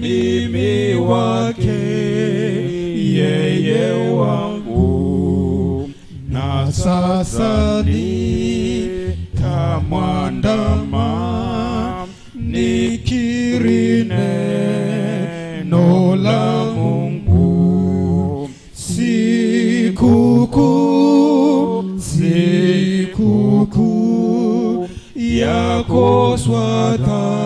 mimi wake yeye wangu, na sasa nitamwandama nikiri neno la Mungu sikuku sikuku yako swata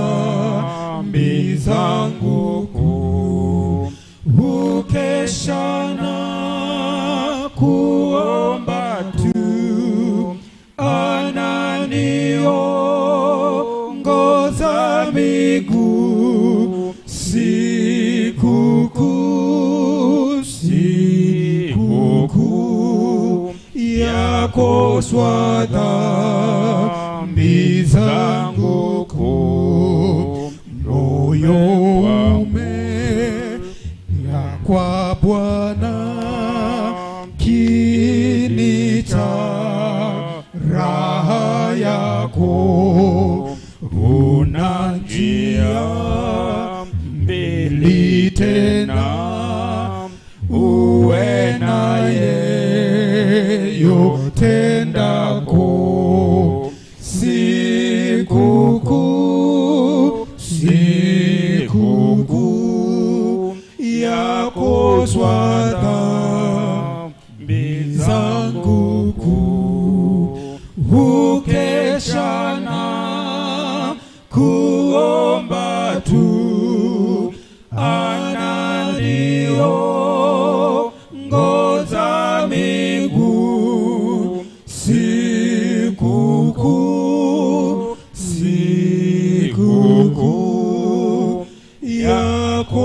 zangu kuu hukesha na kuomba tu, ananiongoza miguu siku kuu, siku kuu zangu kuu moyo ya kwa Bwana, kinita raha yako, unajia njia mbili tena, uwe naye yotendako siku Mungu yakozwa dhambi zangu kuu, hukesha kuomba tu ah. yako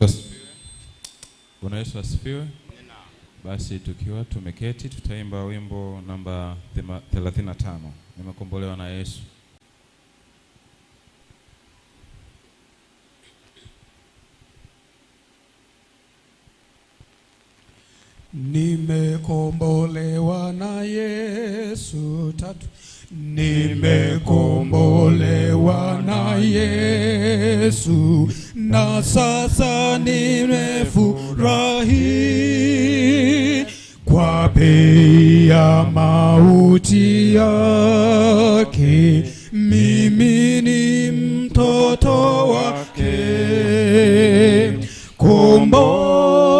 Yes. Bwana Yesu asifiwe. Basi tukiwa tumeketi tutaimba wimbo namba 35, nimekombolewa na Yesu. Nimekombolewa na Yesu tatu. Nimekombolewa na Yesu na sasa nime ya mauti yake, mimi ni mtoto wake. Kombolewa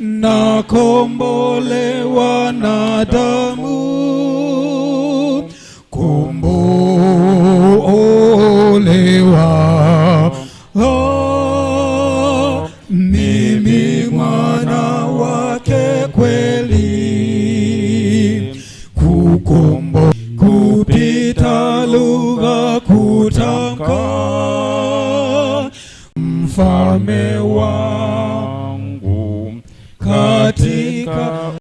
na kombolewa na damu mfalme wangu katika